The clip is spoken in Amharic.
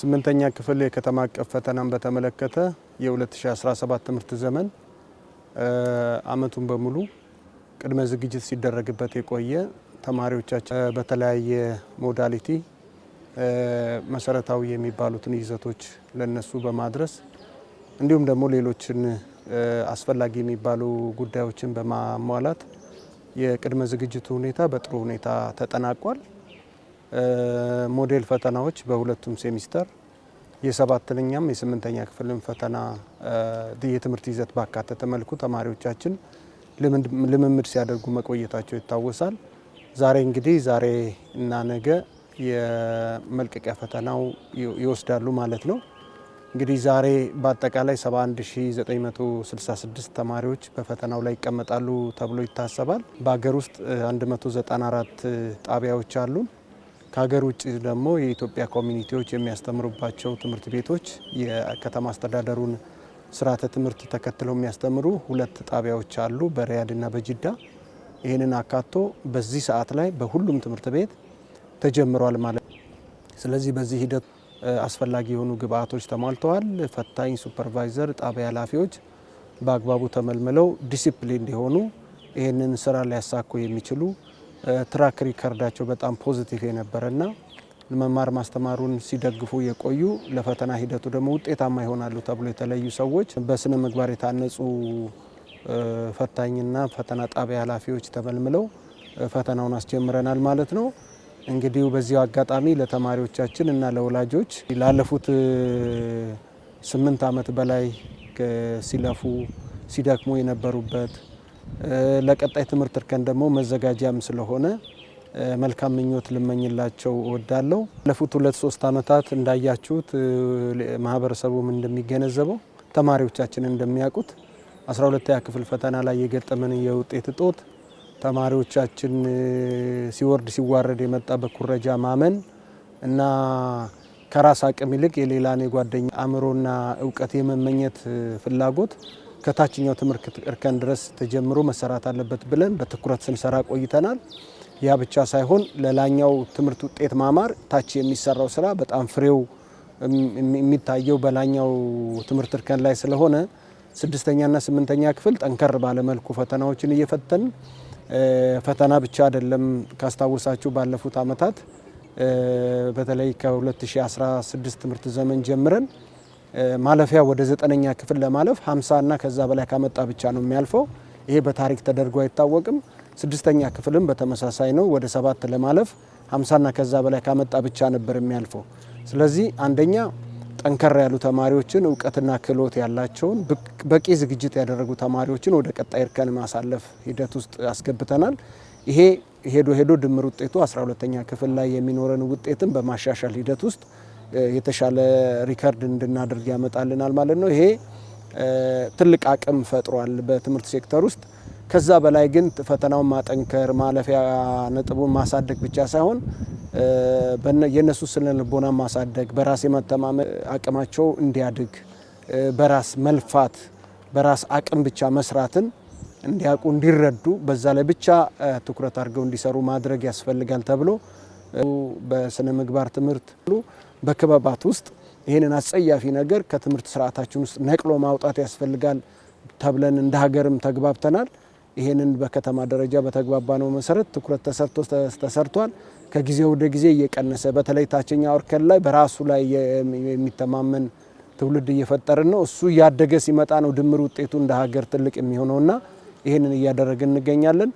ስምንተኛ ክፍል የከተማ አቀፍ ፈተናን በተመለከተ የ2017 ትምህርት ዘመን አመቱን በሙሉ ቅድመ ዝግጅት ሲደረግበት የቆየ ተማሪዎቻችን በተለያየ ሞዳሊቲ መሰረታዊ የሚባሉትን ይዘቶች ለነሱ በማድረስ እንዲሁም ደግሞ ሌሎችን አስፈላጊ የሚባሉ ጉዳዮችን በማሟላት የቅድመ ዝግጅቱ ሁኔታ በጥሩ ሁኔታ ተጠናቋል። ሞዴል ፈተናዎች በሁለቱም ሴሚስተር የሰባተኛም የስምንተኛ ክፍልም ፈተና የትምህርት ይዘት ባካተተ መልኩ ተማሪዎቻችን ልምምድ ሲያደርጉ መቆየታቸው ይታወሳል። ዛሬ እንግዲህ ዛሬ እና ነገ የመልቀቂያ ፈተናው ይወስዳሉ ማለት ነው። እንግዲህ ዛሬ በአጠቃላይ 71966 ተማሪዎች በፈተናው ላይ ይቀመጣሉ ተብሎ ይታሰባል። በሀገር ውስጥ 194 ጣቢያዎች አሉን። ከሀገር ውጭ ደግሞ የኢትዮጵያ ኮሚኒቲዎች የሚያስተምሩባቸው ትምህርት ቤቶች የከተማ አስተዳደሩን ስርዓተ ትምህርት ተከትለው የሚያስተምሩ ሁለት ጣቢያዎች አሉ፣ በሪያድና በጅዳ። ይህንን አካቶ በዚህ ሰዓት ላይ በሁሉም ትምህርት ቤት ተጀምሯል ማለት ነው። ስለዚህ በዚህ ሂደት አስፈላጊ የሆኑ ግብአቶች ተሟልተዋል። ፈታኝ ሱፐርቫይዘር፣ ጣቢያ ኃላፊዎች በአግባቡ ተመልምለው ዲሲፕሊን እንዲሆኑ ይህንን ስራ ሊያሳኩ የሚችሉ ትራክ ሪከርዳቸው በጣም ፖዚቲቭ የነበረና መማር ማስተማሩን ሲደግፉ የቆዩ ለፈተና ሂደቱ ደግሞ ውጤታማ ይሆናሉ ተብሎ የተለዩ ሰዎች በስነ ምግባር የታነጹ ፈታኝና ፈተና ጣቢያ ኃላፊዎች ተመልምለው ፈተናውን አስጀምረናል ማለት ነው። እንግዲህ በዚያው አጋጣሚ ለተማሪዎቻችን እና ለወላጆች ላለፉት ስምንት ዓመት በላይ ሲለፉ ሲደክሙ የነበሩበት ለቀጣይ ትምህርት እርከን ደግሞ መዘጋጃም ስለሆነ መልካም ምኞት ልመኝላቸው እወዳለሁ። ባለፉት ሁለት ሶስት ዓመታት እንዳያችሁት ማህበረሰቡም እንደሚገነዘበው ተማሪዎቻችን እንደሚያውቁት 12ኛ ክፍል ፈተና ላይ የገጠመን የውጤት እጦት ተማሪዎቻችን ሲወርድ ሲዋረድ የመጣ በኩረጃ ማመን እና ከራስ አቅም ይልቅ የሌላን የጓደኛ አእምሮና እውቀት የመመኘት ፍላጎት ከታችኛው ትምህርት እርከን ድረስ ተጀምሮ መሰራት አለበት ብለን በትኩረት ስንሰራ ቆይተናል። ያ ብቻ ሳይሆን ለላኛው ትምህርት ውጤት ማማር ታች የሚሰራው ስራ በጣም ፍሬው የሚታየው በላኛው ትምህርት እርከን ላይ ስለሆነ ስድስተኛና ስምንተኛ ክፍል ጠንከር ባለመልኩ ፈተናዎችን እየፈተን ፈተና ብቻ አይደለም። ካስታወሳችሁ ባለፉት ዓመታት በተለይ ከ2016 ትምህርት ዘመን ጀምረን ማለፊያ ወደ ዘጠነኛ ክፍል ለማለፍ ሀምሳ እና ከዛ በላይ ካመጣ ብቻ ነው የሚያልፈው። ይሄ በታሪክ ተደርጎ አይታወቅም። ስድስተኛ ክፍልም በተመሳሳይ ነው። ወደ ሰባት ለማለፍ 50 ና ከዛ በላይ ካመጣ ብቻ ነበር የሚያልፈው። ስለዚህ አንደኛ ጠንከራ ያሉ ተማሪዎችን፣ እውቀትና ክህሎት ያላቸውን በቂ ዝግጅት ያደረጉ ተማሪዎችን ወደ ቀጣይ እርከን ማሳለፍ ሂደት ውስጥ አስገብተናል። ይሄ ሄዶ ሄዶ ድምር ውጤቱ አስራ ሁለተኛ ክፍል ላይ የሚኖረን ውጤትን በማሻሻል ሂደት ውስጥ የተሻለ ሪከርድ እንድናደርግ ያመጣልናል ማለት ነው። ይሄ ትልቅ አቅም ፈጥሯል በትምህርት ሴክተር ውስጥ። ከዛ በላይ ግን ፈተናውን ማጠንከር ማለፊያ ነጥቡን ማሳደግ ብቻ ሳይሆን የእነሱ ስነ ልቦና ማሳደግ፣ በራስ የመተማመን አቅማቸው እንዲያድግ፣ በራስ መልፋት፣ በራስ አቅም ብቻ መስራትን እንዲያውቁ፣ እንዲረዱ፣ በዛ ላይ ብቻ ትኩረት አድርገው እንዲሰሩ ማድረግ ያስፈልጋል ተብሎ በስነ ምግባር ትምህርት በክበባት ውስጥ ይህንን አስጸያፊ ነገር ከትምህርት ስርዓታችን ውስጥ ነቅሎ ማውጣት ያስፈልጋል ተብለን እንደ ሀገርም ተግባብተናል። ይህንን በከተማ ደረጃ በተግባባነው መሰረት ትኩረት ተሰርቶ ተሰርቷል። ከጊዜ ወደ ጊዜ እየቀነሰ በተለይ ታችኛው እርከን ላይ በራሱ ላይ የሚተማመን ትውልድ እየፈጠርን ነው። እሱ እያደገ ሲመጣ ነው ድምር ውጤቱ እንደ ሀገር ትልቅ የሚሆነውና ይህንን እያደረግን እንገኛለን።